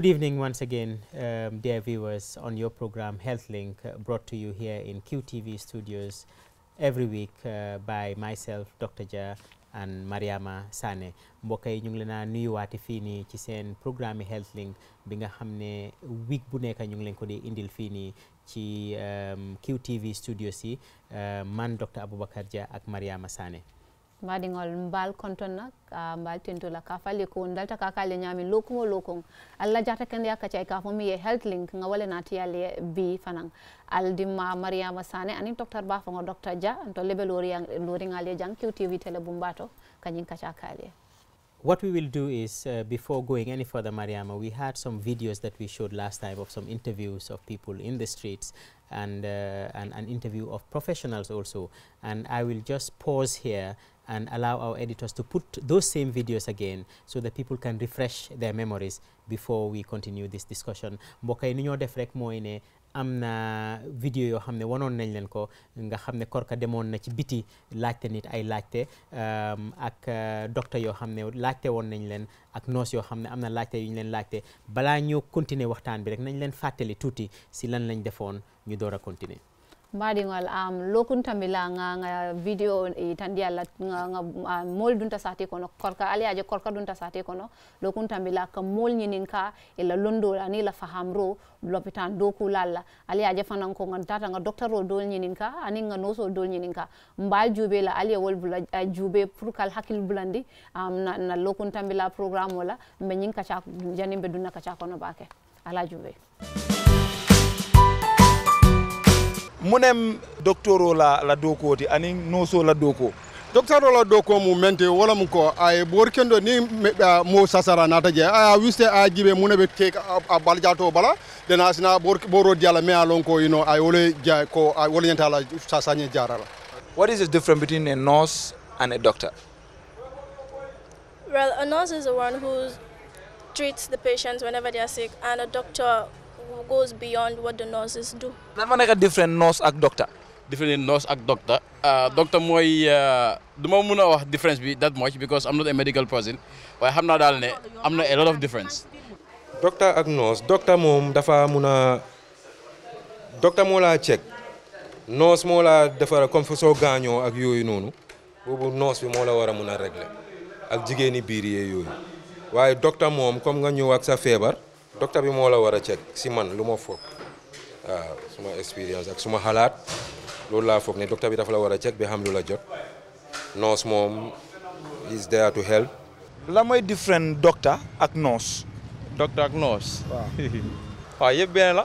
Good evening once again, um, dear viewers, on your program HealthLink, uh, brought to you here in QTV studios every week uh, by myself, Dr. Ja and Mariama Sane mbokk yi ñu ngi leen a programme HealthLink bi nga xam week buneka nekk ñu ngi leen indil fii nii ci um, QTV studios yi uh, man Dr. Aboubacar Jah ak Mariama Sane mbal konton nak mbal ko lokumo allah jata ka ye health link nga nati bi fanan mariama sane ba to jang qtv télé bumbato kale What we will do is, uh, before going any further, Mariama, we had some videos that we showed last time of some interviews of people in the streets and, uh, and an interview of professionals also. And I will just pause here and allow our editors to put those same videos again so that people can refresh their memories before we continue this discussion mbokk yi ni ñoo def rek mooy ne vidéo yoo xam ne wanoon nañ leen ko nga xam Korka demoon na ci biti laajte nit ay laajte um, ak uh, docteur yoo xam ne laajte woon nañ leen ak nurse yoo amna ne am na laajte bala ñu leen laajte balaa continuer waxtaan bi rek nañ leen fateli tuti si lan lañ defoon ñu door continuer maringol am um, lokunta nga nga video itandia la nga, nga uh, mol dunta sate kono korka ali aje korka dunta sate kono lokun tamila ka mol nyinin ka ila londo la la fahamro lopitan doku lalla ali aje fanan ko tata nga doctor o dol nyinin ka ani nga noso dol nyinin ka mbal jube la ali wol bula uh, jube pour hakil bulandi um, na, na lokun tamila program wala menyin nyin ka cha janimbe dunna ka cha kono bake ala jube munem doktoro la la doko ti ani noso la doko doktoro la doko mu mente wala mu ko ay bor kendo ni mo sasara na taje ay wiste a jibe munebe te a baljato bala dena sina bor boro diala me alon ko ino ay wole ja ko ay wole nyanta la sasanye jarala what is the difference between a nurse and a doctor well a nurse is the one who treats the patients whenever they are sick and a doctor goes beyond what the nurses do. lan ma nekk different nurse ak doctor. different nurse ak doctor ah, doctor mooy ah, du ma mun a wax difference bi that much because am not a medical person waaye xam naa daal ne am na a lot of difference. doctor ak nurse doctor moom dafa mun a doctor moo laa check nurse moo laa defara comme fa soo gaañoo ak yooyu noonu boobu nurse bi moo la war a mun a régler ak jigéeni biir yee yooyu waaye docteur moom comme nga ñëw ak sa feebar. docteur bi moo la war a ceeg man lu ma foog suma expérience ak suma halat loolu laa foog ne docteur bi dafa la a bi xam lu jot nurse mom is there to help. la mooy different docteur ak nurse. docteur ak nurse. waaw waaw yëpp benn la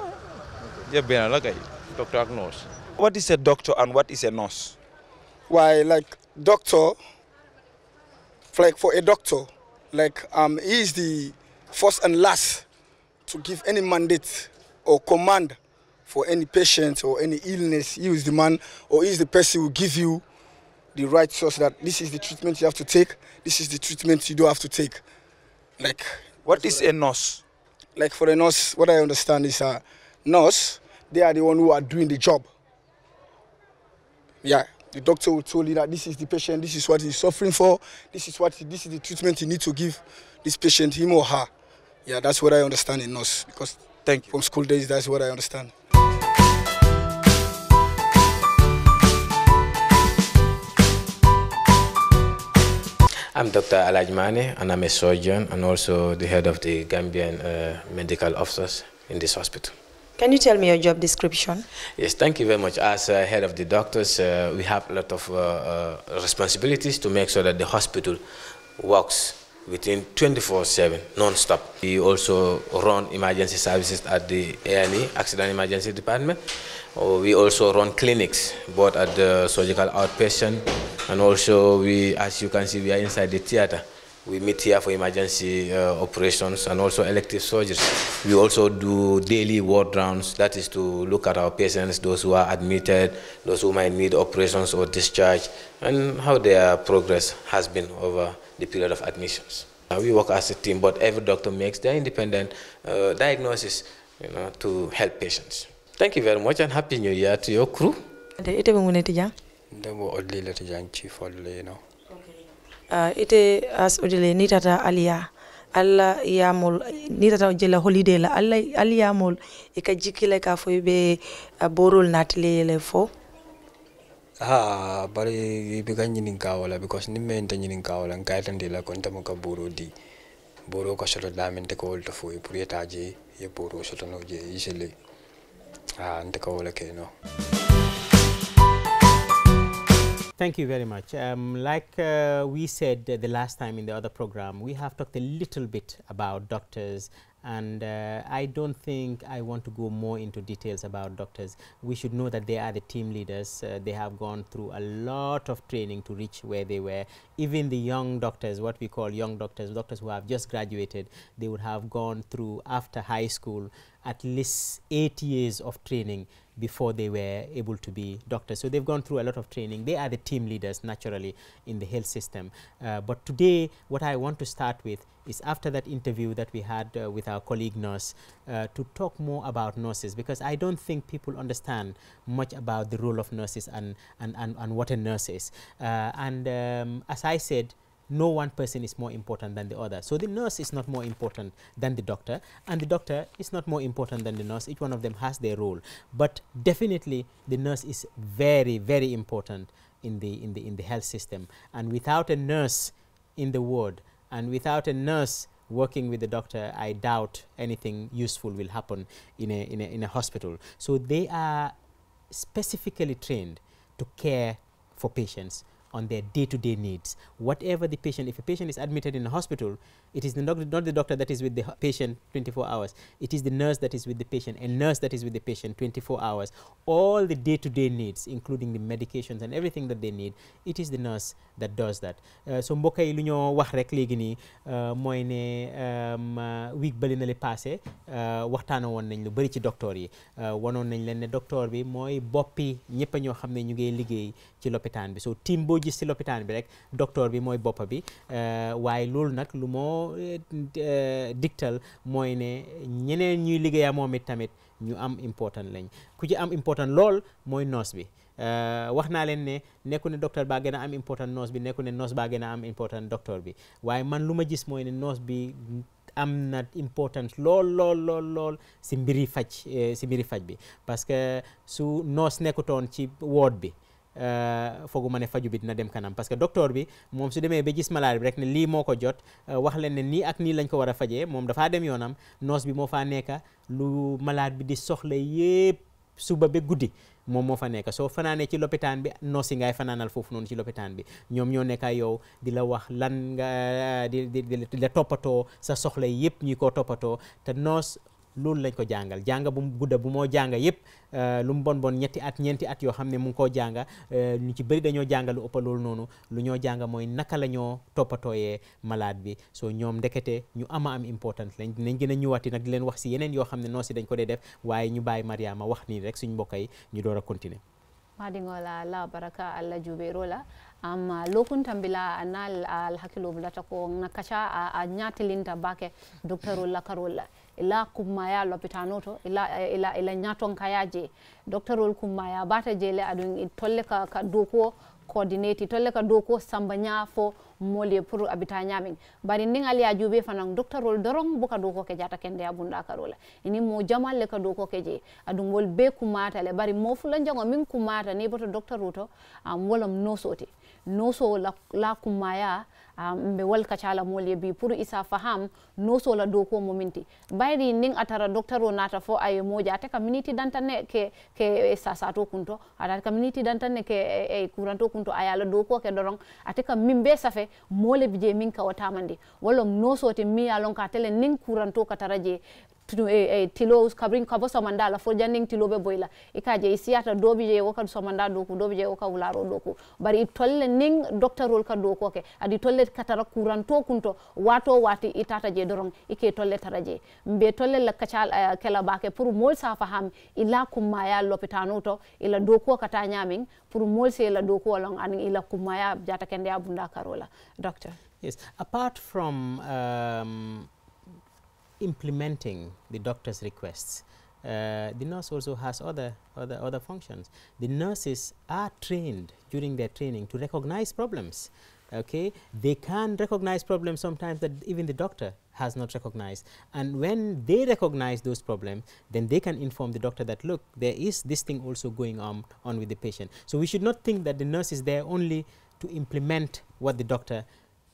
yëpp benn la kay docteur ak nurse. what is a doctor and what is a nurse. why like doctor like for a doctor like um he is the first and last to give any mandate or command for any patient or any illness. He is the man or he is the person who give you the right source that this is the treatment you have to take, this is the treatment you do have to take. Like what is a nurse? Like for a nurse, what I understand is a nurse, they are the one who are doing the job. Yeah. The doctor will tell you that this is the patient, this is what he's suffering for, this is what this is the treatment you need to give this patient, him or her. Yeah, that's what I understand in us because Thank you. from school days, that's what I understand. I'm Dr. Alajmane and I'm a surgeon and also the head of the Gambian uh, medical officers in this hospital. Can you tell me your job description? Yes, thank you very much. As uh, head of the doctors, uh, we have a lot of uh, uh, responsibilities to make sure that the hospital works within 24-7, non-stop. We also run emergency services at the ALE, Accident Emergency Department. Uh, we also run clinics, both at the surgical outpatient, and also we, as you can see, we are inside the theater. We meet here for emergency uh, operations and also elective surgeries. We also do daily ward rounds, that is to look at our patients, those who are admitted, those who might need operations or discharge, and how their progress has been over the period of admissions. Now we work as a team, but every doctor makes their independent uh, diagnosis you know, to help patients. Thank you very much and Happy New Year to your crew. Ite bungune tijang? Ndebo odile tijang chief odile, you know. Okay. Uh, ite as odile nitata alia. alla yamol ni tata jela holiday la alla alla yamol e ka jikile be uh, borol natle lefo. ah because de la boro di boro boro ah Thank you very much. Um, like uh, we said the last time in the other program, we have talked a little bit about doctors and uh, I don't think I want to go more into details about doctors. We should know that they are the team leaders. Uh, they have gone through a lot of training to reach where they were. Even the young doctors, what we call young doctors, doctors who have just graduated, they would have gone through after high school at least eight years of training before they were able to be doctors. So, they've gone through a lot of training. They are the team leaders naturally in the health system. Uh, but today, what I want to start with is after that interview that we had uh, with our colleague nurse uh, to talk more about nurses because I don't think people understand much about the role of nurses and, and, and, and what a nurse is. Uh, and um, as I said, no one person is more important than the other. So the nurse is not more important than the doctor, and the doctor is not more important than the nurse. Each one of them has their role, but definitely the nurse is very, very important in the in the in the health system. And without a nurse in the ward, and without a nurse working with the doctor, I doubt anything useful will happen in a in a, in a hospital. So they are specifically trained to care for patients on their day-to-day needs. Whatever the patient, if a patient is admitted in a hospital, it is the not, not the doctor that is with the patient 24 hours. It is the nurse that is with the patient, a nurse that is with the patient 24 hours. All the day-to-day needs, including the medications and everything that they need, it is the nurse that does that. Uh, so mbokk yi lu ñoo wax rek léegi nii uh, mooy ne um, uh, week bëli na li passé waxtaana woon nañ lu bëri ci docteur yi wanoon nañ leen ne docteur bi mooy boppi ñëpp ñoo xam ne ñu ngi liggéey ci lopitaan bi so team boo gis ci lopitaan bi rek doctor bi mooy boppa bi euh, waaye loolu nag lu moo euh, diktal mooy ne ñeneen ñuy liggéeya moom it tamit ñu am important lañ ku ci am important lool mooy nurse bi euh, wax naa leen ne nekku ne docteur baa gën am important nurse bi nekku ne nurse baa gën am important docteur bi waaye man lu ma gis mooy ne nurse bi am na importance lool lool lool lool si mbiri faj si mbiri faj bi parce que su nurse nekkutoon ci ward bi Euh, fooguma ne faju bi dina dem kanam parce que docteur bi moom su demee ba gis malade bi rek ne lii moo ko jot euh, wax leen ne nii ak nii lañ ko war a fajee moom dafaa dem yoonam noos bi moo faa nekka lu malade bi di soxla yépp suba ba guddi moom moo fa nekk soo fanaanee ci loppitaan bi noosi ngay fanaanal foofu noonu ci lopitaan bi ñoom ñoo nekk yow di la wax lan nga euh, di di la toppatoo sa soxla yépp ñii ko toppatoo te noos loolu lañ ko jàngal jàng bu gudda bu moo jàng yëpp euh, lu mu bon bon ñetti at ñeenti at yoo xam ne mu ngi koo jàng euh, ñu ci bëri dañoo jàng lu ëpp loolu noonu lu ñoo jàng mooy naka la ñoo toppatooyee malade bi soo ñoom ndekete ñu ama am important lañ dinañ gën a ñëwaati nag di leen wax si yeneen yoo xam ne noo si dañ ko dee def waaye ñu bàyyi Mariama wax nii rek suñ mbokk yi ñu door a continuer maɗigola la baraka allah juɓerola la lokuntan bila anal al hakkilo ta ko nakaca a ñatilinta bake docteur la ila kummaya lopitanoto ila ila ila nyaton kayaje doctorol kummaya bata jele adun tolle ka, ka doko coordinate tolle ka doko samba nya fo mole pour abita nyamin bari ndin ali ajube fanan doctorol dorong buka doko ke jata kende abunda karola ini mo jamal le ka doko keje adun wol be kumata le bari mo fulan jango min kumata ne boto doctor roto am ah, um, wolom no sote no so la, la kummaya um, mbe walkacala mool ye bi pour isa faham no sola dow ko mominti bayri nin atara docteur o nata fo aye moƴa e, e, e, ate ka miniti dantanne ke ke sasato kunto atata ka miniti dantanne ke e couranto kunto ayala dow ko ke doron ate ka min be safe moole bi je min kawatamandi walla no sote mi ya lon ka tele nin couranto katara je Eh, eh, tilo kabrin kabo somanda la fo janding tilo be boyla ikaje isiyata dobi je woka somanda doku dobi je woka wularo doku bari tolle ning doctor rol ka doko ke adi tolle katara kuranto kunto wato wati itata je dorong ike tolle taraje mbe tolle la kacal uh, eh, kala bake pour mol sa faham ila kumaya lopitano to ila doko kata nyamin pour mol se la doko long an ila kumaya jata kende abunda karola doctor yes apart from um, implementing the doctor's requests. Uh, the nurse also has other, other, other functions. The nurses are trained during their training to recognize problems. Okay, they can recognize problems sometimes that even the doctor has not recognized. And when they recognize those problems, then they can inform the doctor that look, there is this thing also going on, on with the patient. So we should not think that the nurse is there only to implement what the doctor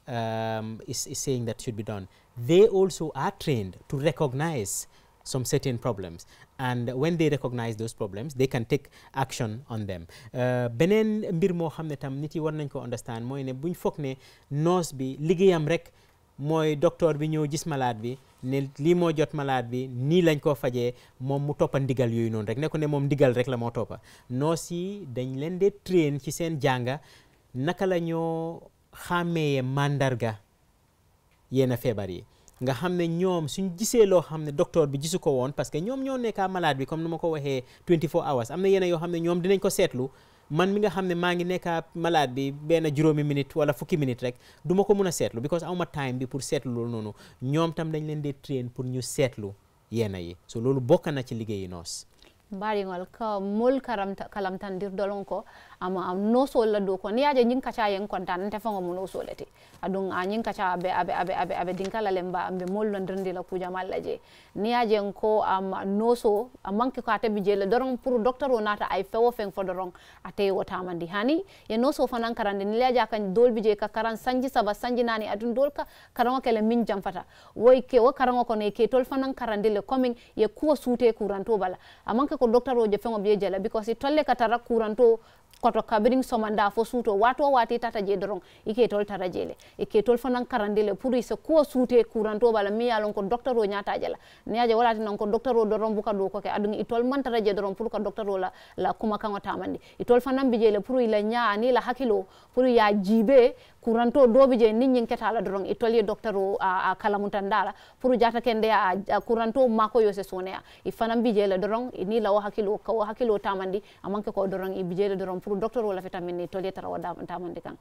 um, is, is saying that should be done. they also are trained to recognize some certain problems and when they recognize those problems they can take action on them euh, beneen mbir moo xam ne tam nit yi war nañ ko understand mooy ne buñ foog ne noos bi liggéeyam rek mooy docteur bi ñëw gis malaat bi ne lii moo jot malaat bi nii lañ ko fajee moom mu toppa ndigal yooyu noonu rek ne ko ne moom ndigal rek la moo toppa noos yi dañ leen dee train ci seen jànga naka la ñoo xàmmee mandarga yenn feebar yi nga xam ne ñoom suñ gisee loo xam ne docteur bi gisu ko woon parce que ñoom ñoo nekkaa malade bi comme ni ma ko waxee 24 hours am na yenn yoo xam ne ñoom dinañ ko seetlu man mi nga xam ne maa ngi nekkaa bi benn juróomi minute wala fukki minute rek du ko mun a seetlu because awma time bi pour seetlu loolu noonu ñoom tam dañ leen di train pour ñu seetlu yenn yi so loolu bokk na ci liggéeyi noos mbaɗigol ko mol ama no solla dow kon yaaje ñing kaca yen konta nan tefango mo no adun a ah, ñing kaca abe abe abe abe abe dinkala lemba ambe mollo ndirndi la kuja malla je ni yaaje ko am no so manki ko atabi je le doron pour docteur o nata ay fewo fen fo doron ate wota mandi hani ye no so fanan karande ni yaaje kan dolbi je ka karan sanji saba sanji nani adun dolka karango kele min jamfata woy ke wo karango ko ne ke tol fanan karande le coming ye kuwa suute kuranto bala amanke ko docteur o je fengo be je because tolle katara kuranto koto kabirin somanda fo suuto wato wati tata je doron ike tol tata jele ike tol fanan karandele pour ise ko suute kuranto bala mi yalon ko docteur o nyata jela ne aje wala ko docteur o doron buka do ko ke adun itol man tata je doron pour ko docteur o la la kuma kan o tamandi itol fanan bijele pour ila nya ani la hakilo pour ya jibe kuranto dobi je nin nyin ketala dorong itoli docteur o uh, a, uh, a kalamutandala pour jata kende a, uh, a kuranto mako yose sonea ifanam bije la dorong ni lawo hakilo ko hakilo tamandi amanke ko dorong ibije la dorong pour docteur o la fitamin itoli tarawa tamandi kan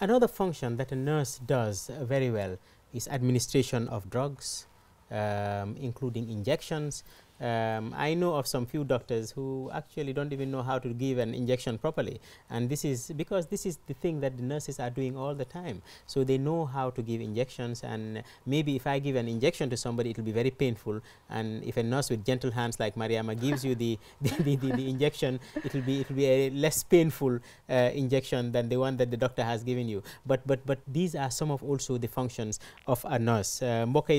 Another function that a nurse does very well is administration of drugs, um, including injections. Um, I know of some few doctors who actually don't even know how to give an injection properly. And this is because this is the thing that the nurses are doing all the time. So they know how to give injections and maybe if I give an injection to somebody, it will be very painful. And if a nurse with gentle hands like Mariama gives you the, the, the, the, injection, it will be, it will be a less painful uh, injection than the one that the doctor has given you. But, but, but these are some of also the functions of a nurse. Uh, mbokk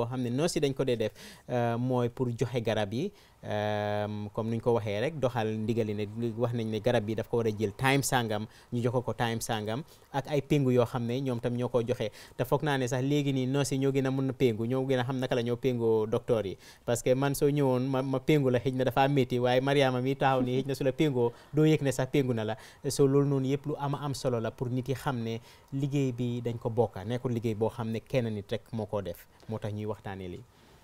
uh, nurse dañ ko dee def euh, mooy pour joxe garab yi comme nuñ ko waxee rek doxal ndigali ne wax nañ ne garab bi daf ko war a jël time sangam ñu jox ko time sangam ak ay péngu yoo xam ne ñoom tam ñoo ko joxe te foog naa ne sax léegi nii noosi ñoo gën a mun a péngu ñoo gën a xam naka la ñoo péngoo docteur yi parce que man soo ñëwoon ma ma la xëj na dafa métti waaye Mariama mi taxaw nii xëj péngoo doo yëg ne sax péngu na la soo loolu noonu yëpp lu ama am solo la pour nit yi xam ne liggéey bi dañ ko bokka nekkul liggéey boo xam ne kenn nit rek moo koo def moo tax ñuy waxtaanee li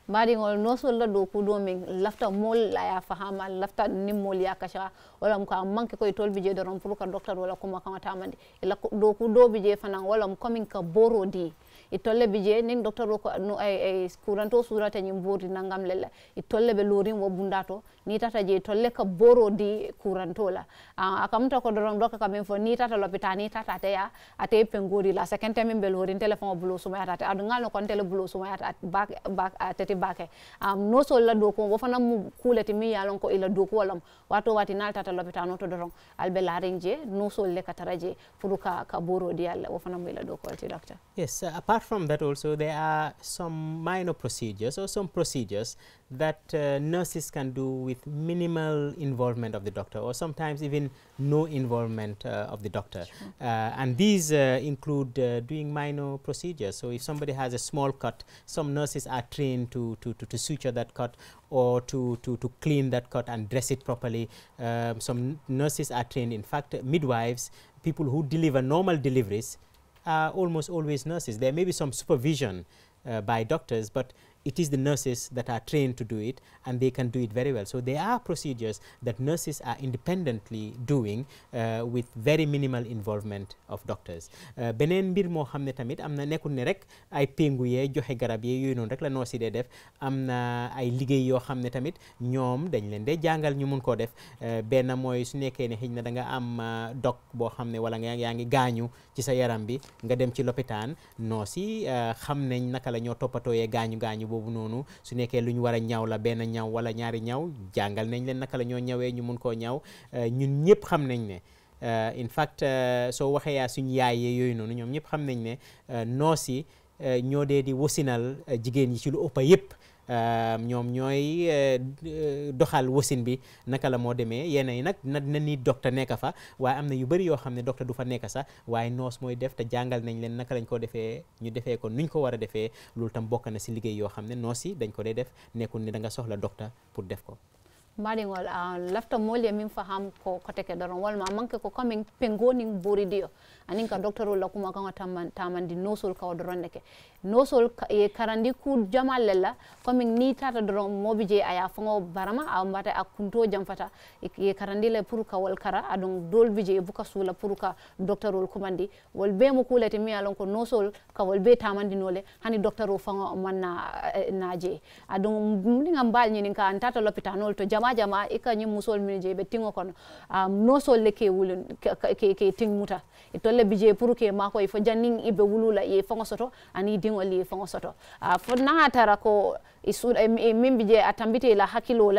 maɗigol no solla dow kuɗo min lafta mol aya fahama lafta nimmol yakasha wala ko a manque koye bi je doron pour ka docteur walla kuma kamatamande ila dow kuɗobi je fanan walla commin ka borodi i tolle bi je nin docteur o ko no ay eh, ay eh, kuranto surata ñim bordi nangam lella i tolle ɓe lorim wo bunda to ni tata je tolle ka boro di kurantola uh, akamta ko dorong doka kamen fo ni tata lopita ni tata te ya ate pengori la second time min belori telephone bulo suma ya tata adu ngalo kon tele bulo suma ya tata back back tete bake um, no so la doko wo fana mu kulati mi yalon ko ila doko walam wato wati nal tata lopita no to dorong albe la rinje no so le kataraje furuka ka boro di alla wo fana mu ila doko wati doctor yes uh, apart from that also there are some minor procedures or some procedures that uh, nurses can do with minimal involvement of the doctor or sometimes even no involvement uh, of the doctor. Sure. Uh, and these uh, include uh, doing minor procedures. So if somebody has a small cut, some nurses are trained to, to, to, to suture that cut or to, to, to clean that cut and dress it properly. Um, some nurses are trained, in fact, midwives, people who deliver normal deliveries are almost always nurses. There may be some supervision by doctors, but it is the nurses that are trained to do it and they can do it very well. So, there are procedures that nurses are independently doing uh, with very minimal involvement of doctors uh, beneen mbir moo xam ne tamit am na nekkul ne rek ay péngu yee joxe garab yee yooyu noonu rek la nurse yi dee def am na ay liggéey yoo xam ne tamit ñoom dañ leen dee jàngal ñu mun koo def uh, benn mooy su nekkee ne xëy na danga am dog boo xam ne wala nga yaa ngi gaañu ci sa yaram bi nga dem ci lopitaan boobu noonu su nekkee lu ñu war a ñaw la benn ñaw wala ñaari ñaw jàngal nañ leen naka la ñoo ñawee ñu mun koo ñaw euh, ñun ñëpp xam nañ ne euh, in fact euh, soo waxee yaa suñ yaayee yooyu noonu ñoom ñëpp xam nañ ne noos yi ñoo dee di wasinal jigéen yi ci lu ëpp yëpp Euh, ñoom ñooy euh, doxal wasin bi naka la moo demee yenn yi nag na na ni docteur nekk fa waaye am na yu bari yoo xam ne docteur du fa nekk sax waaye noos mooy def te jàngal nañ leen naka lañ ko defee ñu defee ko nuñ ko war a defee loolu tam bokk na si liggéey yoo xam ne noos yi dañ ko dee def nekkul ne da nga soxla docteur pour def ko mbaɗigol a ah, lafta moli e min faham ko koteke doron walma manque ko commin pengonin buri dio anin ka docteur ulla kuma taman di nosol ka doronde ke nosol e karandi ku jamal la commin ni tata doron mobije je aya fango barama a mbata a kunto jamfata e karandi le puruka wal kara aɗum dol bije e buka sula puruka ka kumandi wal be mo kuulete mi alon ko nosol ka wal be taman di nole hani docteur fango manna eh, naje aɗum ɗiga mbalñinin ka antata tata nol to jamal majama ika e ñim musol min je be tingo kono um, ah, no sol le ke wulun ke ke ting muta itolle e bije pour ke ma ko ifo e janning ibe wulula ye fongo soto ani dingo li fongo soto uh, fo na tara ko e min bije a ila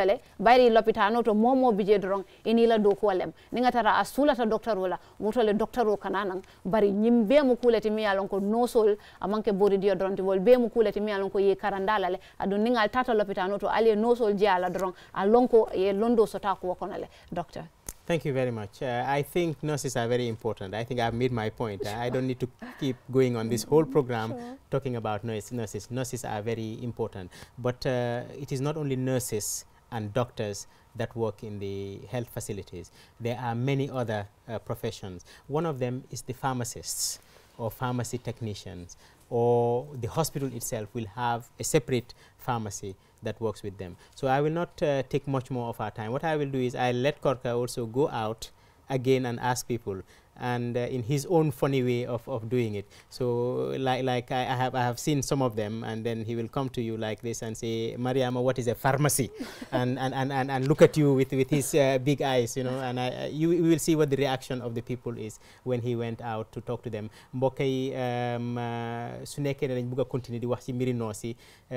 la bayri lopitano to momo bije doron inila la kuwa lem ni nga tara a suulata docteur o la le docteur o kanana bari ñim mu kuuleti mi alon ko noosol a bori dio doron ti wol be mu kuleti mi alon ko ye karandalale la le aɗum ni tata lopitano to ali nosol noosol je a doron a ko ye londo sota ko kono doctor docteur Thank you very much. Uh, I think nurses are very important. I think I've made my point. Sure. Uh, I don't need to keep going on this whole program sure. talking about nurse, nurses. Nurses are very important. But uh, it is not only nurses and doctors that work in the health facilities. There are many other uh, professions. One of them is the pharmacists or pharmacy technicians or the hospital itself will have a separate pharmacy that works with them. So, I will not uh, take much more of our time. What I will do is I let Korka also go out again and ask people and uh, in his own funny way of, of doing it. So like, like I, I, have, I have seen some of them and then he will come to you like this and say, Mariama, what is a pharmacy? and, and, and, and, and look at you with, with his uh, big eyes, you know, and I, you, you will see what the reaction of the people is when he went out to talk to them. mbokk yi um, uh, su nekkee ne dañ bugg a continuer di wax ci mbiri noos yi uh,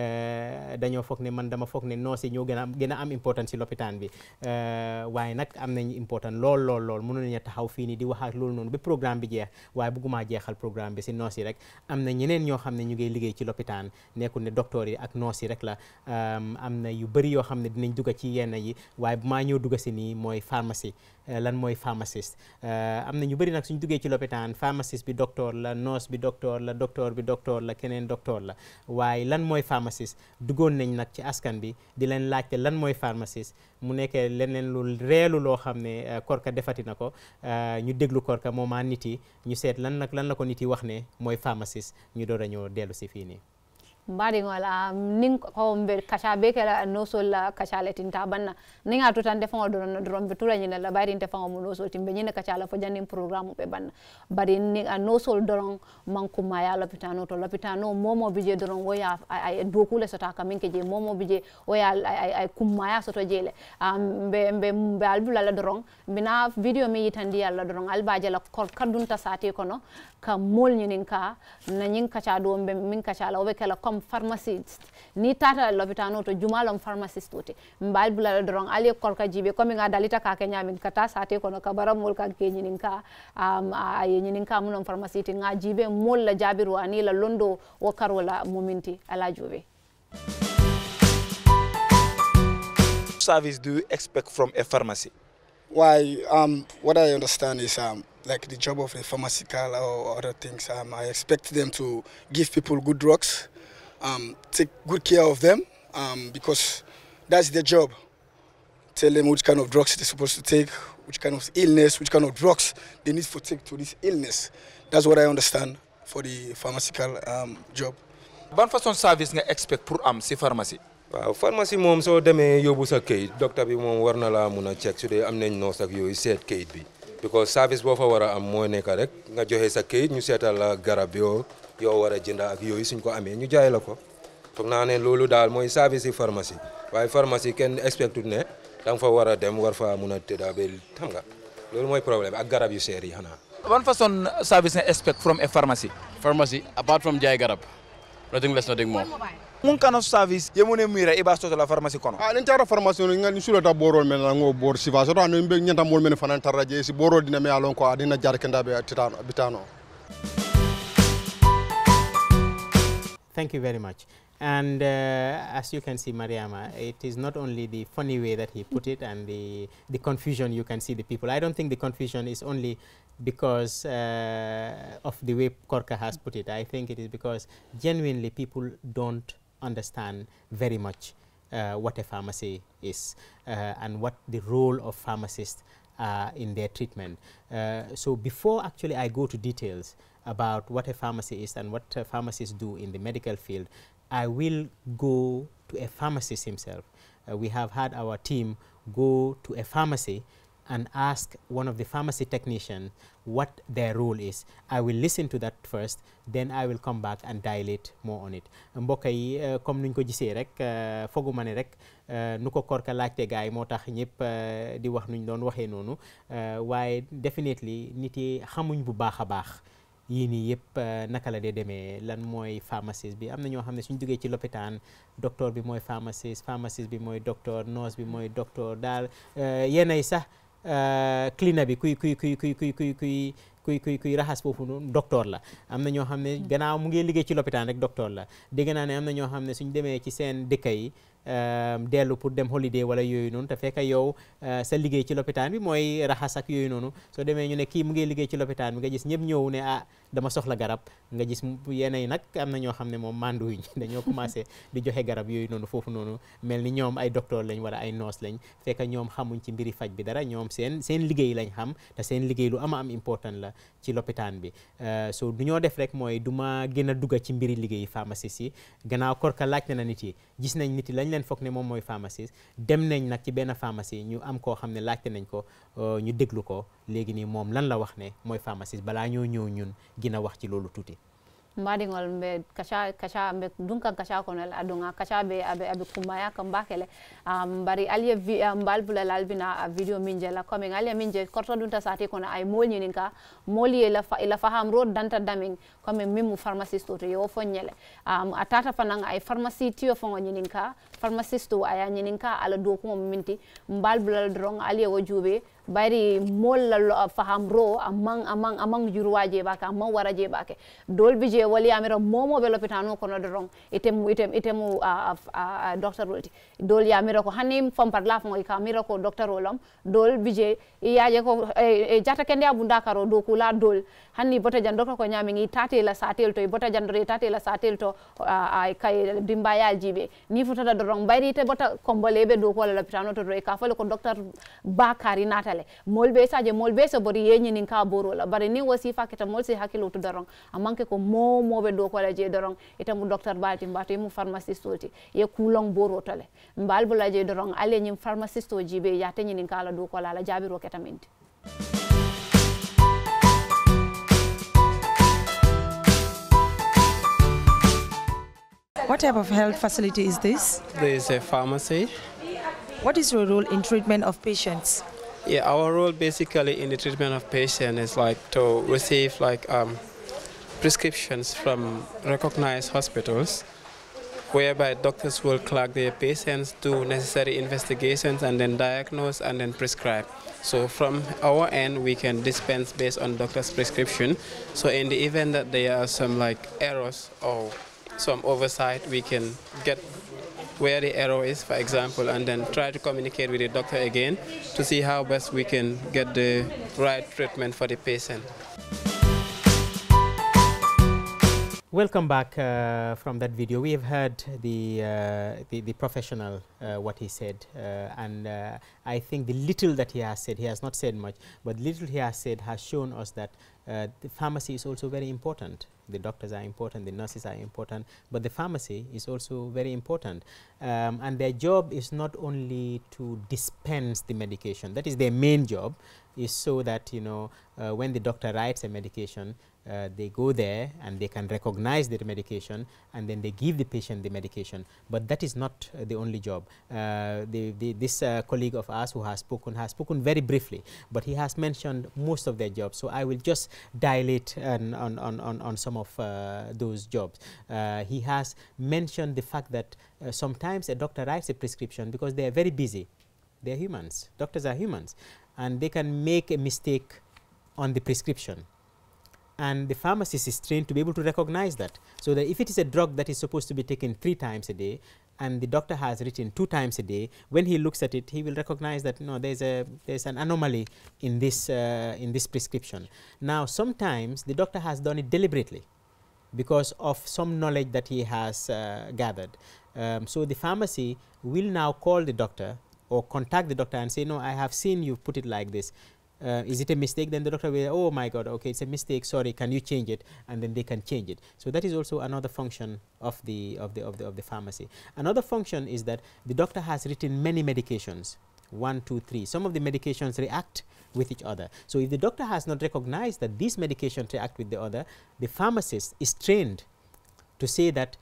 dañoo foog ne man dama foog ne a am gën a am importance ci lopitaan bi uh, waaye am important lool lool lool Munu nañu haufini fii nii di wax ak loolu noonu ba programme bi jeex waaye bëggumaa jeexal programme bi si noos yi rek am na ñeneen ñoo xam ne ñu ngi liggéey ci lopitaan nekkul ne docteur yi ak noos yi rek la am na yu bëri yoo xam ne dinañ dugg ci yenn yi waaye maa ñëw dugg si nii mooy pharmacie eh, lan mooy pharmaciste eh, am na ñu bëri nag suñ duggee ci lopitaan pharmaciste bi docteur la noos bi docteur la docteur bi docteur la keneen docteur la waaye lan mooy pharmaciste dugoon nañ nag ci askan bi di leen laajte lan mooy pharmaciste mu nekkee leneen lu reelu loo xam ne eh, korka defati na ko ñu déglu korka que moment nit yi ñu seet lan nag lan la ko nit yi wax ne mooy pharmaciste ñu door a ñëw dellu si fii nii. mbaɗigol nin ko kaca be kela nosol la kacala tinta banna ninga tutan defaŋo doron doron be tura ñinela bayri nte faŋo mu nosol timbe ñine kacala fo jannin programme ɓe banna bari ni a nosol doron mankuma ya lopitano to lopitano momo bije doron wo ya ay dokule sota ka minke je momo bije wo ya ay kummaya soto jele mbe mbe mbe albula la doron bina video mi yitandi yalla doron albaje la kol kadunta sati kono ka mol ñinin ka na ñin kaca do mbe min kacala wo be kala kom pharmacist ni tata lobitano to juma lom pharmacist wote mbal bula dorong ali korka jibe komi nga dalita ka kenya min kata sate kono baram mul ka ke nyinin ka am a nyinin ka mun pharmacist nga jibe mol la jabiru ani la londo wo karola muminti ala jobe service do you expect from a pharmacy why um what i understand is um like the job of a pharmaceutical or other things um, i expect them to give people good drugs um, take good care of them um, because that's their job. Tell them which kind of drugs they're supposed to take, which kind of illness, which kind of drugs they need to take to this illness. That's what I understand for the pharmaceutical um, job. ban service nga expect pour am si pharmacy. waaw pharmacie moom soo demee Doctor sa kayit docteur bi moom war na check su de am nañ noos ak yooyu seet kayit bi. because service boo fa war am mo ne rek nga joxe sa kayit ñu seetal la garab yow war a jënd ak yooyu suñ ko amee ñu jaay la ko foog naa ne loolu daal mooy service yi pharmacie waaye pharmacie kenn expectut ne da nga fa war a dem war fa mun a tëdda ba xam nga loolu mooy problème ak garab yu seer yi xanaa. ban façon service nga expect from a pharmacy. pharmacy apart from jaay garab nothing less nothing more. mun kana service yemune mira iba soto la pharmacie kono ah len tara pharmacie no ngal sura ta borol men ngo bor siva so tan be nyanta mol men fanan tarra je si borol dina me alon ko adina jar kenda be titano bitano Thank you very much. And uh, as you can see, Mariama, it is not only the funny way that he put it and the, the confusion you can see the people. I don't think the confusion is only because uh, of the way Korka has put it. I think it is because genuinely people don't understand very much uh, what a pharmacy is uh, and what the role of pharmacists are in their treatment. Uh, so before actually I go to details, about what a pharmacy is and what pharmacists do in the medical field, I will go to a pharmacist himself. Uh, we have had our team go to a pharmacy and ask one of the pharmacy technicians what their role is. I will listen to that first, then I will come back and dilate more on it. mbokk yi uh, comme nuñ ko gisee rek uh, fogu ma ne rek nu ko korka laajte gars yi moo tax ñëpp di wax nuñ doon waxee noonu waaye definitely nit yi xamuñ bu baax a baax. yii nii yëpp euh, naka la dee demee lan mooy pharmaciste bi am na ñoo xam ne suñ duggee ci lopitaan docteur bi mooy pharmaciste pharmaciste bi mooy doctor nurse bi mooy doctor daal euh, yenn ay sax euh, cleaner bi kuy kuy kuy kuy kuy kuy kuy kuy kuy kuy raxas foofu noonu docteur la am na ñoo xam ne hmm. gannaaw mu ngi liggéey ci lopitaan rek docteur la naa ne am ñoo xam ne suñ demee ci seen dëkk yi ehm, dellu pour dem holiday wala yooyu noonu te fekk yow eh, sa liggéey ci lopitaan bi mooy raxas yooyu noonu soo demee ñu ne kii mu liggéey ci lopitaan bi nga gis ñëpp ñëw ne ah dama soxla nga gis yenn yi nag am na ñoo xam ne moom manduwuñ dañoo commencé di joxe garab yooyu noonu foofu noonu mel ni ñoom ay docteur lañ wala ay nurse lañ fekk ñoom xamuñ ci mbiri faj bi dara ñoom seen seen liggéey lañ xam te seen liggéey lu ama am important la ci loppitaan bi euh, so du ñoo def rek mooy du ma gën a dugg ci mbiri liggéey pharmaciste yi gannaaw korka laaj na na nit yi gis nañ nit yi lañ leen foog ne moom mooy pharmaciste dem nañ nag ci benn pharmacie ñu am koo xam ne laajte nañ ko euh, ñu déglu ko léegi nii moom lan la wax ne mooy pharmaciste balaa ñoo ñëw ñun gën a wax ci loolu tuuti mbaɗigol mbe kaca kaca mbe dunkan kaca konel aɗunga kaca be abe abe kumaya kam mbakele um, bari aliye um, mbalbulal albina uh, vidéo min je la commin aliye min je korto ɗum ta sati kono ay molñinin ka moli la fa, ila faham ro danta daming commin min mu pharmaciste o to yewo um, a tata fanan ay pharmacie tiyo fongo ñinin ka pharmacist to aya ñinin ka ala ko minti balbula doron aliye wo bari molla faham ro amang amang amang jurwa je baka amang wara je bake dolbi je wali amira momo be lopitano kono dorong item item item uh, uh, uh, uh doctor rolti dol ya mira ko hanim fam par la fon ka mira ko doctor rolam dol bije ya ko e, e, jata kende abunda karo do kula dol hanni bota jandoka ko ngi tati la satel to bota jandore tati la satel to ay kay bimbayaji jibe ni da dorong bayri te bota kombolebe do ko la pitano to ka fole ko docteur bakari natale sa je molbe so bori nin ka la bare ni wasi ke mol si hakilo to dorong amanke ko do ko la je dorong mu docteur balti mbati mu pharmaciste oti ye kulong boro mbal mbalbola je dorong ale ñim pharmaciste oji ɓe yateñinin kala dow kola minti jaabiro ketaminti What type of health facility is this? There is a pharmacy. What is your role in treatment of patients? Yeah, our role basically in the treatment of patients is like to receive like um, prescriptions from recognized hospitals whereby doctors will clerk their patients, do necessary investigations, and then diagnose and then prescribe. So from our end, we can dispense based on doctor's prescription. So in the event that there are some like errors or some oversight. We can get where the error is, for example, and then try to communicate with the doctor again to see how best we can get the right treatment for the patient. Welcome back uh, from that video. We have heard the, uh, the, the, professional, uh, what he said, uh, and uh, I think the little that he has said, he has not said much, but little he has said has shown us that uh, the pharmacy is also very important the doctors are important, the nurses are important, but the pharmacy is also very important. Um, and their job is not only to dispense the medication, that is their main job, is so that you know uh, when the doctor writes a medication, uh, they go there and they can recognize their medication and then they give the patient the medication. But that is not uh, the only job. Uh, the, the, this uh, colleague of ours who has spoken has spoken very briefly, but he has mentioned most of their jobs. So I will just dilate on, on, on, on some of uh, those jobs. Uh, he has mentioned the fact that sometimes a doctor writes a prescription because they are very busy. They are humans. Doctors are humans. And they can make a mistake on the prescription and the pharmacist is trained to be able to recognize that. So, that if it is a drug that is supposed to be taken three times a day and the doctor has written two times a day, when he looks at it, he will recognize that no, there's a there's an anomaly in this uh, in this prescription. Now, sometimes the doctor has done it deliberately because of some knowledge that he has uh, gathered. Um, so, the pharmacy will now call the doctor or contact the doctor and say, no, I have seen you put it like this uh, is it a mistake? Then the doctor will, oh my God, okay, it's a mistake. Sorry, can you change it? And then they can change it. So that is also another function of the of the of the of the pharmacy. Another function is that the doctor has written many medications. One, two, three. Some of the medications react with each other. So if the doctor has not recognized that these medications react with the other, the pharmacist is trained to say that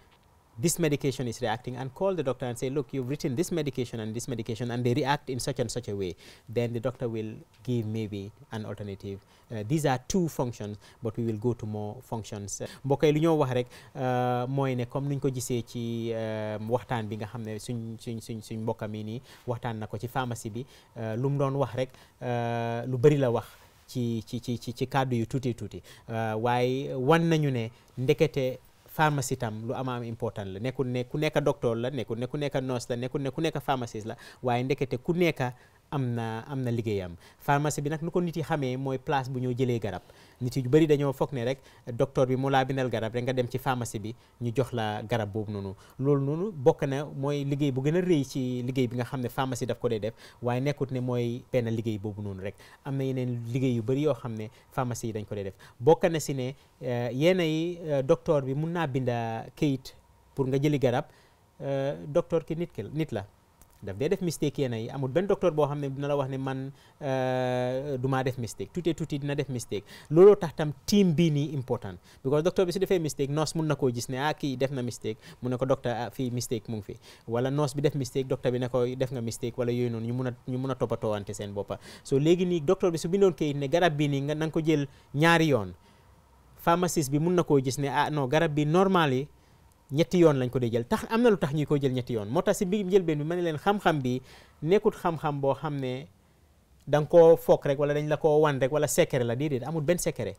this medication is reacting and call the doctor and say look you've written this medication and this medication and they react in such and such a way then the doctor will give maybe an alternative uh, these are two functions but we will go to more functions mbokk yi lu ñoo wax rek uh, mooy ne comme nuñ ko gisee ci um, waxtaan bi nga xam ne suñ suñ suñ suñ mbokk mi nii waxtaan na ko ci pharmacie bi uh, lu mu doon wax rek lu bëri la wax ci ci ci ci kàddu yu tuuti tuuti waaye wan nañu pharmacie tam lu ama am important la nekkul ne ku nekk docteur la nekkul ne ku nekk nurse la nekkul ne ku nekk pharmaciste la waaye ndekete ku nekk am na am na liggéeyam pharmacie bi nag nu ko nit yi xamee mooy place bu ñoo jëlee garab nit yu bëri dañoo foog ne rek docteur bi moo laa bindal garab rek nga dem ci pharmacie bi ñu jox la garab boobu noonu loolu noonu bokk na mooy liggéey bu gën a rëy ci liggéey bi nga xam ne pharmacie daf ko dee def waaye nekkut mooy benn liggéey boobu noonu rek am na yeneen liggéey yu bëri yoo xam ne pharmacie yi dañ ko dee def bokk na si ne eh, yenn yi eh, docteur bi mun naa binda këyit pour nga jëli garab eh, docteur ki nit ki nit la daf dee def mistake yenn yi amul benn docteur boo xam ne dina wax ne man euh, du maa def mistake tuuti dina def mistake looloo tax tam team bii nii important because docteur bi su defee mistake nurse mun na koo gis ne ah kii def na mistake mu ko docteur ah fii mistake fi wala nurse bi def mistake docteur bi ne ko def nga mistake wala yooyu noonu ñu mun a ñu mun a toppatoowante seen boppa so léegi nii docteur bi su ne garab bii nii nga na ko jël ñaari yoon pharmaciste bi mun na koo gis ne ah non garab bi normal yi ñetti yoon lañ ko dee jël tax am na lu tax ñu ko jël ñetti yoon moo tax si bi jëlbeen bi ma ne leen xam-xam bi nekkut xam-xam boo xam ne da nga koo foog rek wala dañ la ko wan rek wala secret la déedéet amul benn secret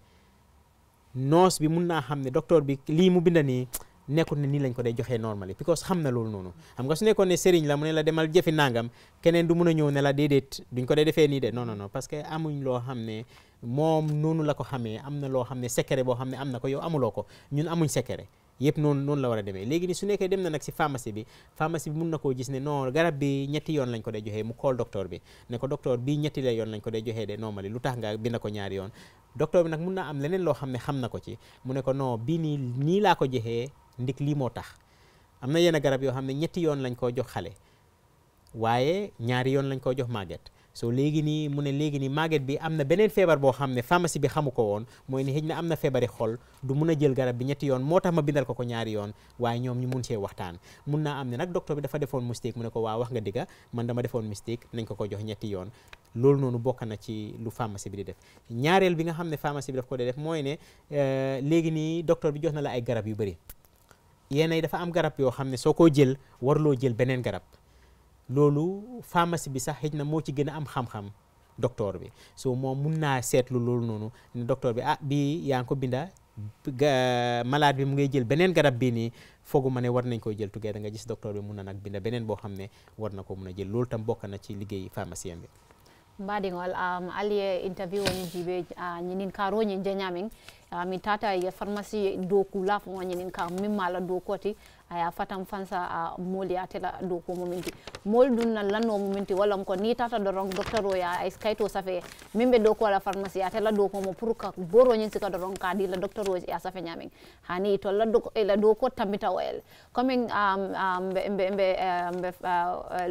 noos bi mun naa xam ne docteur bi lii mu bind nii nekkut ne nii lañ ko dee joxee normally because xam na loolu noonu xam nga su nekkoon ne sëriñ la mu ne la demal jëfi nangam keneen du mun a ñëw ne la déedéet duñ ko dee defee nii de non non non parce que amuñ loo xam ne moom noonu la ko xamee am na loo xam ne secret boo xam ne am na ko yow amuloo ko ñun amuñ secret yëpp noonu noonu la war a demee léegi ni su nekkee dem na nag si pharmacie bi pharmacie bi mun na koo gis ne non garab bi ñetti yoon lañ ko dee joxee mu call docteur bi ne ko docteur ñetti la yoon lañ ko dee joxee de normali lu tax nga bind ko ñaari yoon docteur bi nag mun naa am leneen loo xam ne xam na ko ci mu ne ko non bii nii nii laa ko joxee ndik lii moo tax am na yenn garab yoo xam ne ñetti yoon lañ koo jox xale waaye ñaari yoon lañ koo jox màgget so léegi nii mu ne léegi nii màgget bi am na beneen feebar boo xam ne pharmacie bi xamu ko woon mooy ne xëj na am na feebari xol du mun a jël garab bi ñetti yoon moo tax ma bindal ko ko ñaari yoon waaye ñoom ñu mun see waxtaan mun naa am ne nag docteur bi dafa defoon mistake mu ne ko waa wax nga digga man dama defoon mistake nañ ko ko jox ñetti yoon loolu noonu bokk na ci lu pharmacie bi di def ñaareel bi nga xam ne pharmacie bi daf ko dee def mooy ne euh, léegi nii docteur bi jox na la ay garab yu bëri yéenay dafa am garab yoo xam ne soo koo jël warloo jël beneen garab loolu pharmacie bi sax xëj na moo ci gën a am xam-xam docteur bi so moom mun naa seetlu loolu noonu ne docteur bi ah bii yaa ngi ko binda malade bi mu ngay jël beneen garab bii nii fogu ma ne war nañ koy jël tugee da nga gis docteur bi mun na nag binda beneen boo xam ne war na ko mun a jël loolu tam bokk na ci liggéey pharmacien bi ngol am aliye interview woni jibe uh, ñi nin ka roñi jeñamin uh, mi min tata ye pharmacie dow kula fo ñinin ka min mala dow koti aya fatam fansa a moli a tela dow ko muminti mool ɗum nan lanno momenti wala ko ni tata doron docteur o ya ay skaito safe min ɓe dow ko la pharmacie a tela ko mo pour ka boroñin sika rong ka la docteur o ya safe nyamen hani tolla la do ko be be el commin ɓe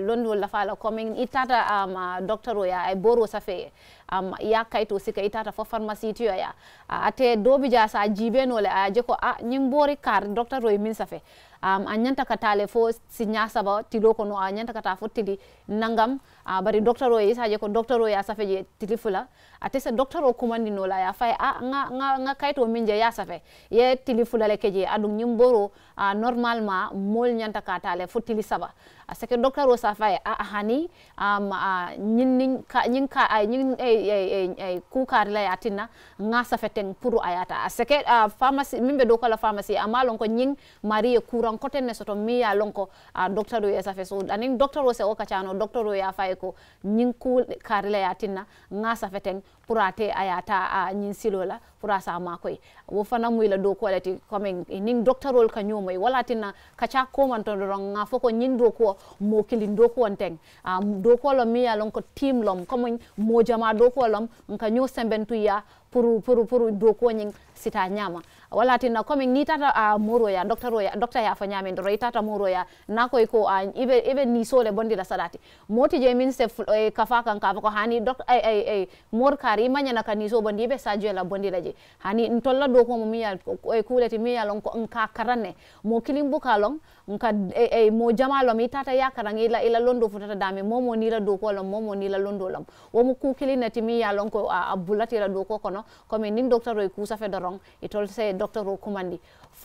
londo fala coming i tata um, uh, docteur o ya ay boro safe um, ya kayto sika i tata fo pharmacie tiyo ya ate dobi ja sa no le a je ko a ñin bori kar docteur o min safe um, a ñanta ka taale fo si ñasaba tilo kono a ñanta ka taa fo tili nangam a bari docteur o e ko docteur o ya safe je tilifula ate se docteur o no la ya fay a nga nga nga kayto min je ya safe ye tilifula le keje adum boro a normalement mol nyanta katale fo tili saba a seke docteur o safe e a hani um, uh, nyin ka nyin ka ay nyin ay ay ay ku kar la ya tinna nga safe ten pour ayata a seke a pharmacy min be do kala pharmacy amalon ko nyin marie kuran koten ne soto mi ya lonko a docteur o ya safe so anin docteur o se o kachano docteur o ya fay ko ñing ku karila ya tinna nga safeteng pour ate ayata a nyinsilo la pour asa makoy wo fana mu la do quality comme ning doctorol ka nyomay wala tinna cha ko man to ron nga foko nyin do ko mo kili do ko nteng um, do ko lo mi ya lon ko tim lom comme mo jama do ko lom nka nyo sembentu ya pour pour pour do ko nyin sita nyama wala tinna comme ni tata a moro ya doctor ya doctor ya fa nyamin do tata moro ya na ko ko a ibe ibe ni sole bondi la sadati moti je min se eh, kafa kan ka ko hani doctor ay ay ay mor kari ari manya na kaniso bondi be sajo la bondi laje hani ntolla do ko mumiya yal e kuleti miya lon ko nka karane mo kilim buka lon nka e, mo mo jamalo mi tata ya karange ila ila londo futata dame momo ni la do ko lon momo ni la londo lam wo mu ku kilinati miya lon ko abulati la do ko kono comme nin docteur o kusa fe dorong itol se docteur o kumandi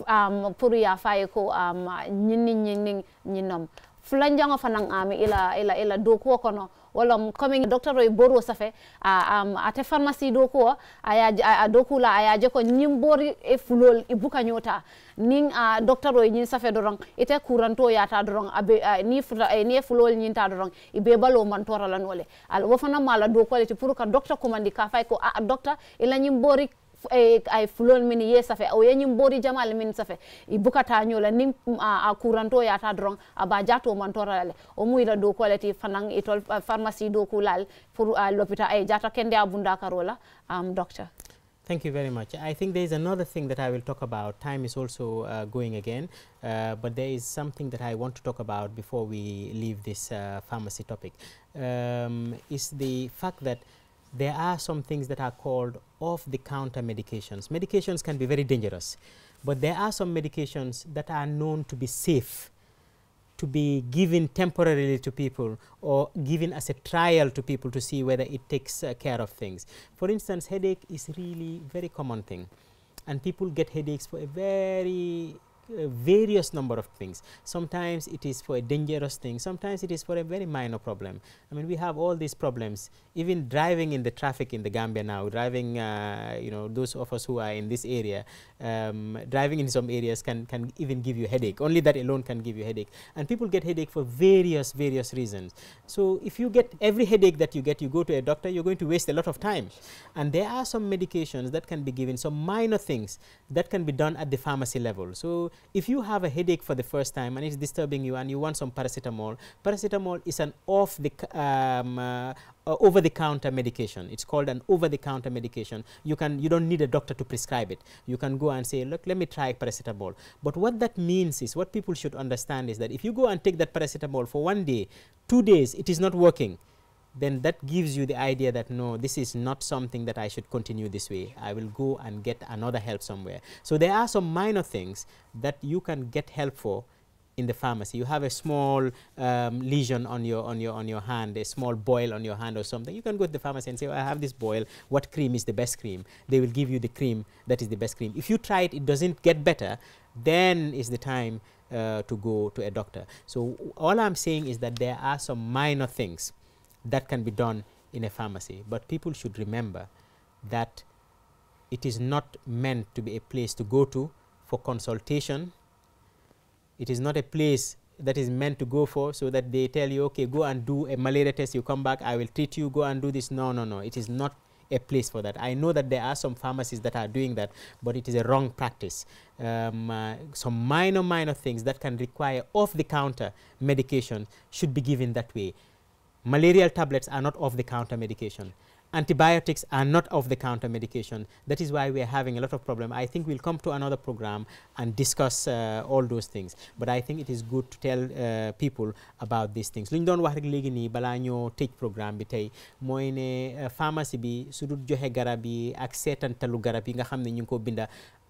am pour ya faye ko um, nyinni nyinni nyinom fulanjango fanang ami ila ila ila do ko kono wala coming dr roy boru safe uh, um, a um, ate pharmacy do ko aya a do aya je ko nyim bori e fulol e buka nyota nin a uh, o roy nyin safe dorong ite kuranto yata dorong abe uh, ni fula, e, uh, ni fulol nyin ta dorong e be balo man toralan wole al wofana mala do ko le ti pour ka dr komandi ka fay ko a, a doctor ila nyim bori Eh, ay fulol min ye safe o bori jamal min safe i bukata a a ba jato o do uh, pharmacie do kulal pour uh, l'hôpital ay eh, jata kende karola um, doctor Thank you very much. I think there's another thing that I will talk about. Time is also uh, going again, uh, but there is something that I want to talk about before we leave this uh, pharmacy topic. Um, is the fact that there are some things that are called off the counter medications. Medications can be very dangerous, but there are some medications that are known to be safe to be given temporarily to people or given as a trial to people to see whether it takes uh, care of things. For instance, headache is really very common thing and people get headaches for a very uh, various number of things. Sometimes it is for a dangerous thing, sometimes it is for a very minor problem. I mean, we have all these problems, even driving in the traffic in the Gambia now, driving, uh, you know, those of us who are in this area, um, driving in some areas can, can even give you headache. Only that alone can give you headache. And people get headache for various, various reasons. So if you get every headache that you get, you go to a doctor, you're going to waste a lot of time. And there are some medications that can be given, some minor things that can be done at the pharmacy level. So if you have a headache for the first time and it's disturbing you and you want some paracetamol, paracetamol is an off the um, uh, uh, over the counter medication. It's called an over the counter medication. You can you don't need a doctor to prescribe it. You can go and say, look, let me try paracetamol. But what that means is what people should understand is that if you go and take that paracetamol for one day, two days, it is not working then that gives you the idea that no, this is not something that I should continue this way. I will go and get another help somewhere. So there are some minor things that you can get help for in the pharmacy. You have a small um, lesion on your on your on your hand, a small boil on your hand or something. You can go to the pharmacy and say, oh, "I have this boil. What cream is the best cream?" They will give you the cream that is the best cream. If you try it, it doesn't get better. Then is the time uh, to go to a doctor. So all I'm saying is that there are some minor things that can be done in a pharmacy, but people should remember that it is not meant to be a place to go to for consultation. It is not a place that is meant to go for so that they tell you, okay, go and do a malaria test, you come back, I will treat you, go and do this. No, no, no, it is not a place for that. I know that there are some pharmacies that are doing that, but it is a wrong practice. Um, uh, some minor, minor things that can require off the counter medication should be given that way. Malarial tablets are not off-the-counter medication. Antibiotics are not off-the-counter medication. That is why we are having a lot of problem. I think we'll come to another program and discuss uh, all those things. But I think it is good to tell uh, people about these things. Luñ doon wax rek léegi nii programme bi tey uh, pharmacy bi sudut johe garabi garab yi ak seetantalu garab yi nga xam ñu ko binda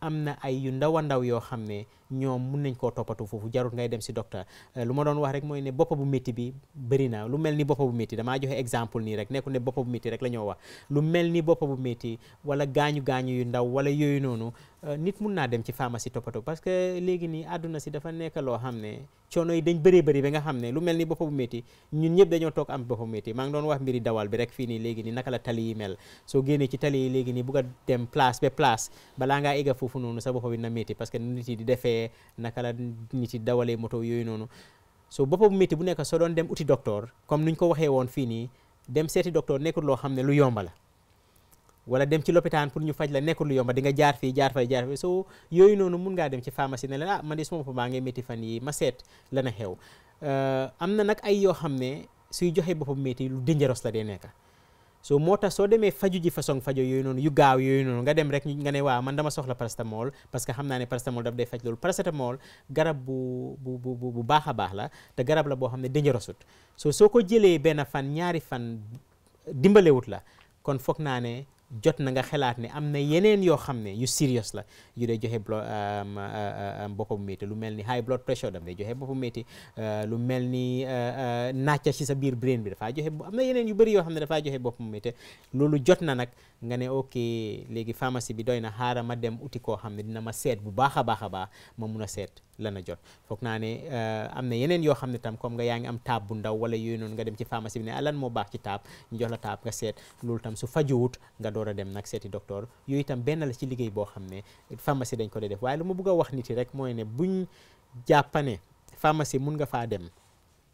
am na ay yu ndaw ndaw yoo xam ne ñoom mun nañ koo toppatu foofu jarut ngay dem si docteur euh, lu ma doon wax rek mooy ne bopp bu métti bi bëri na lu mel ni bopp bu métti damaa joxe exemple nii rek nekku ne bopp bu métti rek la ñoo wax lu mel ni bopp bu métti wala gaañu gaañu yu ndaw wala yooyu noonu Euh, nit mun naa dem ci pharmacie toppatoo parce que léegi nii àdduna si dafa nekk loo xam ne coono yi dañ bëree bëri ba nga xam ne lu mel ni boppa bu métti ñun ñëpp dañoo am boppa bu métti ngi doon wax mbiri dawal bi rek fii nii léegi la tali yi mel soo génnee tali yi léegi nii bugg a dem place ba place balaa ngaa egga noonu sa boppa bi na métti parce que nit yi di defee naka la nit yi dawalee moto yooyu noonu so boppa bu métti bu nekk soo doon dem uti docteur comme nuñ ko waxee woon fii nii dem seeti docteur nekkul loo xam ne lu yomba wala dem ci lopitaan pour ñu faj la nekkul lu yomba di nga jaar fii jaar fay jaar fii so yooyu noonu mun ngaa dem ci pharmacie ne leen ah man de suma bopp maa ngi métti fan yi ma seet la na xew uh, am na nag ay yoo xam ne suy joxe boppam métti lu dangereux la dee nekk soo moo tax soo demee faju ji façon fajo yooyu noonu yu gaaw yooyu noonu nga dem rek nga ne waaw man dama soxla paracetamol parce que xam naa ne paracetamol daf day faj loolu paracetamol garab bu bu bu bu baax a baax la te garab la boo xam ne dangereuxut so soo ko jëlee benn fan ñaari fan dimbalewut la kon naa jot na nga xalaat ne am na yeneen yoo xam ne yu serious la yu day joxe euh, euh, euh, boppam métti lu mel ni high blood pressure dam joxe boppam métti lu mel ni nacca ci sa biir brain bi dafaa joxe am na yeneen yu bëri yoo xam ne dafaa joxe boppam métti loolu jot na nag nga ne ok léegi pharmacie bi doy na xaaral ma dem uti koo xam ne dina ma seet bu baax a baax a baax ma mun a seet la na jot foog naa ne eh, am na yeneen yoo xam ne tam comme nga yaa ngi am taab bu ndaw wala yooyu noonu nga dem ci pharmacie bi ne alan ah, moo baax ci taab ñu jox la taab nga seet loolu tam su fajuwut nga door a dem nag seeti docteur yooyu tam benn la ci liggéey boo xam ne pharmacie dañ ko dee def waaye lu ma bëgg a wax nit rek mooy ne buñ jàppane pharmacie mun nga faa dem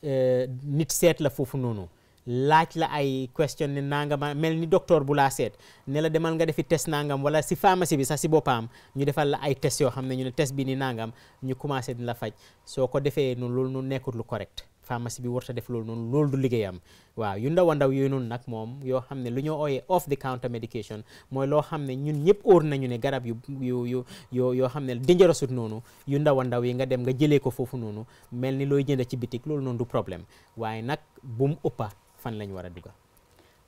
eh, nit seet la foofu noonu laaj la ay question ne nangama mel ni docteur bu laa seet ne la demal nga defi test nangam wala si pharmacie bi sax si boppam ñu defal la ay test yoo xam ne ñu ne test bi ni nangam ñu commencé di faj soo ko defee noonu loolu noonu nekkut lu correct pharmacie bi warut a def loolu noonu loolu du liggéeyam waaw yu ndaw a ndaw yooyu noonu nag moom yoo xam ne lu ñoo ooyee off the counter medication mooy loo xam ne ñun ñëpp oor nañu ne garab yu yu yu yoo yoo xam ne dangerous noonu yu ndaw a ndaw yi nga dem nga jëlee ko foofu noonu mel ni looy jënd ci bitik loolu noonu du problème waaye nag bu mu ëppa fan lañ war a dugal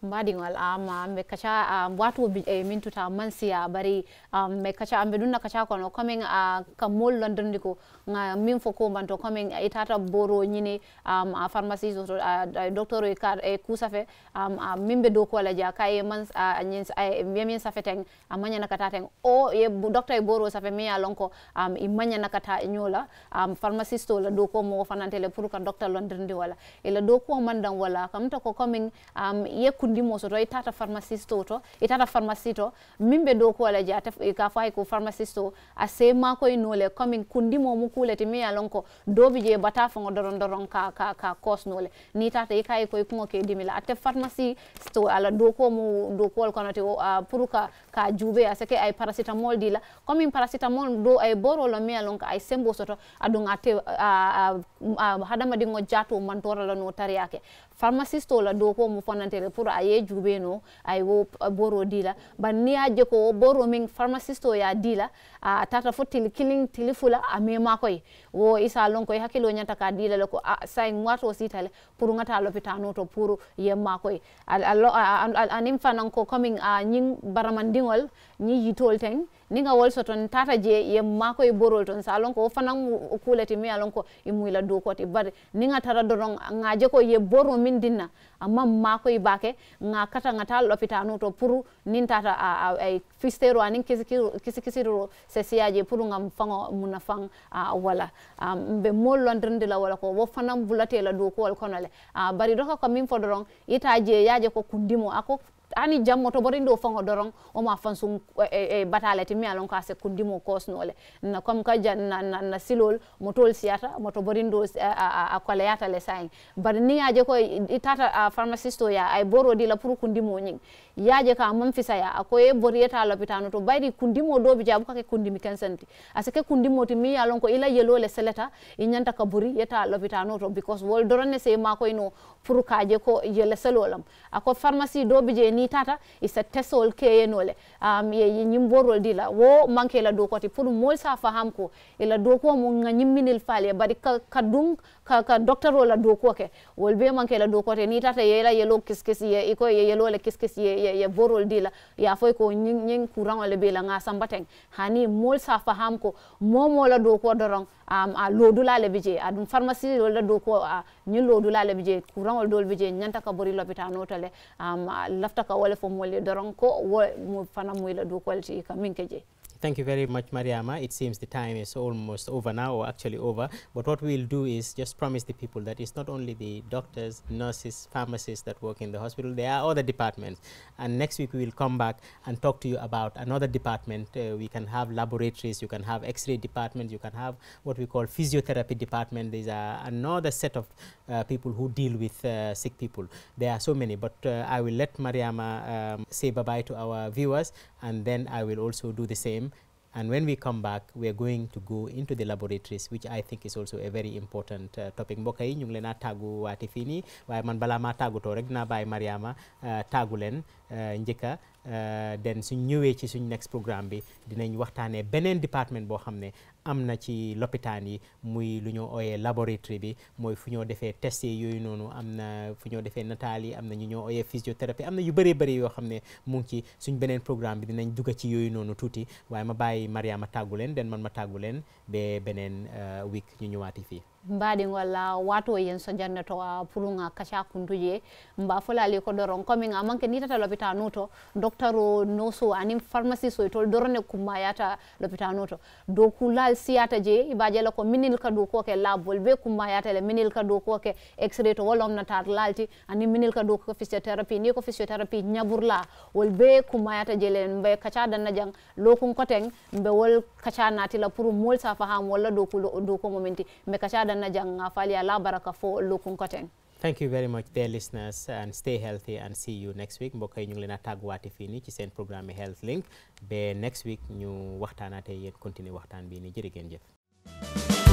mbadin al'ama ah, me kacha um, ah, watu bi e eh, min tuta mansiya bari um, ah, me kacha ambe dunna kacha no coming a uh, kamol london diko nga min fo ko banto coming eh, itata boro nyine um, a pharmacy so uh, doctor e eh, kar e kusafe um, uh, mimbe do ko la ja kay man uh, nyins ay min safe teng amanya nakata teng o ye doctor e boro safe me ya lonko um, imanya nakata nyola um, pharmacist la do ko mo fanante le pour ka doctor london di wala e la do ko mandan wala to ko coming um, ye kun ndimo soto itata pharmacist to itata pharmacie to mimbe do ko la jata ka fay ko pharmacist to a se ma ko inole coming kundimo mu kuleti mi alon ko dobi je bata fango doron doron ka ka ka kos nole ni tata ikay ko ko ke dimila ate pharmacy to ala do ko mu do ko kono te uh, pour ka ka juve a sake ay paracetamol dila comme in paracetamol do ay boro lo mea lon ka ay sembo soto adunga te a hadama dingo jato man tora la no tariake pharmacist la do ko mu fonantere pour ay juve no ay wo boro dila ban ni aje ko boro min pharmacist ya dila a tata fotil killing tilifula a me makoy wo isa lon koy hakilo nyata ka dila lo ko say ngwato sitale pour ngata lopitano to pour yemma koy al al anim fanan ko coming a nyin baramandi ndiŋol ñi yitol teng ni nga wol soton tata je ye maako borol ton salon ko fanam fanaŋ mi alon ko a la koti bari ni nga tara doroŋ ŋaaje ko ye boro min dinna amma a bake maako kata ŋa taa to pour nin tata fistero kisi kisikisiro se siaje puru pour fango muna muna a wala mbe moolu de la wala ko wo fanam bulate la dookuwol kono le bari do ko min fo itaje ita je ko kundimo ako ani jam to borin do fango dorong o ma fansu e, eh, e eh, eh, batale ti mi ka se kundimo kosnole na kom ka jan na, na, na silol motol siata moto borin do a, a, a kwale yata le sain bar ni aje ko itata a pharmacist ya ay boro di la pour kundimo nyin yaje ka man fisaya akoye boriyeta lopitano to bayri kundimo dobi jabu kake kundimi kensanti asake kundimo ti mi yalon ko ila yelole seleta inyanta ka buri yeta lopitano to because wol dorone se ma ko ino pour kaje ko yele selolam ako pharmacie dobi je ni tata isa tesol keyenole am ye nyimborol dila wo manke la do ti pour mol sa faham ko ila do ko mo nyimminil fale bari ka kadung ka ka doctor wala do ko ke wol be manke la do koti ni tata yela yelo kiskesi ye iko ye yelo le kiskesi ye ye ye borol dila ya fo ko nyin nyin kurang le bela nga sambateng hani mol sa faham ko momo la do ko dorong a lodula le bije adum pharmacie la do ko a nyi lodula le bije kurang dol bije nyanta ka bori lopita notale um, lafta ka wala fo mol dorong ko wo mo fana mo la do ko ti ka min Thank you very much, Mariama. It seems the time is almost over now, or actually over. But what we'll do is just promise the people that it's not only the doctors, nurses, pharmacists that work in the hospital, there are other departments. And next week, we will come back and talk to you about another department. Uh, we can have laboratories, you can have x ray departments, you can have what we call physiotherapy department. These are another set of uh, people who deal with uh, sick people. There are so many, but uh, I will let Mariama um, say bye bye to our viewers, and then I will also do the same. And when we come back, we are going to go into the laboratories, which I think is also a very important uh, topic. mbokk yi ñu ngi leen a tàggu waati fii nii man balaa maa tàggutoo rek dinaa Mariama uh, Tagulen. leen Euh, njëkka euh, den suñ ñëwee ci suñ next programme bi dinañ waxtaanee beneen département boo xam ne am na ci loppitaan yi muy lu ñoo ooyee laboratory bi mooy fu ñoo defee test yooyu noonu am na fu ñoo defee nataal yi am na ñu ñoo ooyee physiothérapie am na yu bëree bëri yoo xam ne mu ci suñ beneen programme bi dinañ dugg ci yooyu noonu tuuti waaye ma bàyyi Mariama tàggu leen den man ma tàggu leen ba beneen euh, week ñu ñëwaati fii mbaɗi walla wato yen so jannotowa pour pulunga kaca kunduje mba folali ko doron comme ga manque ni tata l'hôpital noto docteur o noso anin pharmaciste o tol dorone kumma yata l'hôpital noto do kulal siata je ibaje la ko minil ka do ko ke labol be kumma yata le minil ka do ko ke x-ray to wolom na tar lalti anin minil ka do ko physiotherapy ni ko physiotherapy nyaburla wol be kumma yata je len be kaca danna jang lokun koteng be wol kacha nati la pour mol sa faham wala do ko do ko momenti me kacha na janga falia la baraka fo lukun koten thank you very much dear listeners and stay healthy and see you next week mbokk yi ñu ngi leen a tàgguwaate fii nii ci seen programme health link be next week ñu waxtaanaate yéen continuer waxtaan bii nii jërë jëf